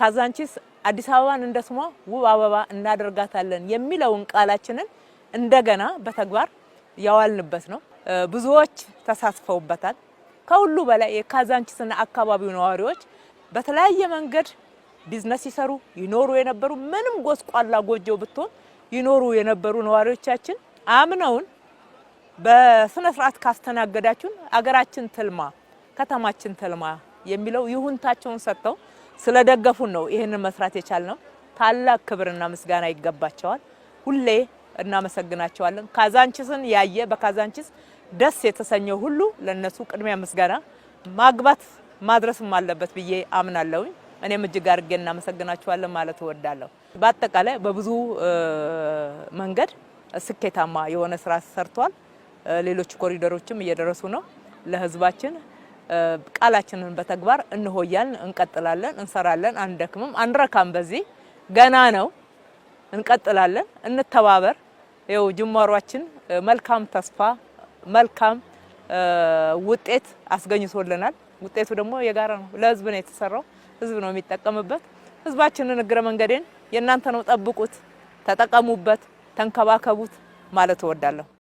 ካዛንቺስ አዲስ አበባን እንደ ስሟ ውብ አበባ እናደርጋታለን የሚለውን ቃላችንን እንደገና በተግባር ያዋልንበት ነው። ብዙዎች ተሳትፈውበታል። ከሁሉ በላይ የካዛንቺስና አካባቢው ነዋሪዎች በተለያየ መንገድ ቢዝነስ ይሰሩ ይኖሩ የነበሩ ምንም ጎስቋላ ጎጆ ብትሆን ይኖሩ የነበሩ ነዋሪዎቻችን አምነውን በስነ ስርዓት ካስተናገዳችሁን አገራችን ትልማ ከተማችን ትልማ የሚለው ይሁንታቸውን ሰጥተው ስለደገፉን ነው ይህንን መስራት የቻልነው። ታላቅ ክብርና ምስጋና ይገባቸዋል። ሁሌ እናመሰግናቸዋለን። ካዛንቺስን ያየ በካዛንቺስ ደስ የተሰኘው ሁሉ ለነሱ ቅድሚያ ምስጋና ማግባት ማድረስም አለበት ብዬ አምናለሁ። እኔም እጅግ አድርጌ እናመሰግናቸዋለን ማለት እወዳለሁ። በአጠቃላይ በብዙ መንገድ ስኬታማ የሆነ ስራ ሰርቷል። ሌሎች ኮሪደሮችም እየደረሱ ነው ለህዝባችን ቃላችንን በተግባር እንሆያለን እንቀጥላለን፣ እንሰራለን፣ አንደክምም፣ አንረካም። በዚህ ገና ነው፣ እንቀጥላለን፣ እንተባበር። ይኸው ጅማሯችን መልካም ተስፋ መልካም ውጤት አስገኝቶልናል። ውጤቱ ደግሞ የጋራ ነው። ለህዝብ ነው የተሰራው። ህዝብ ነው የሚጠቀምበት። ህዝባችንን እግረ መንገዴን የእናንተ ነው፣ ጠብቁት፣ ተጠቀሙበት፣ ተንከባከቡት ማለት እወዳለሁ።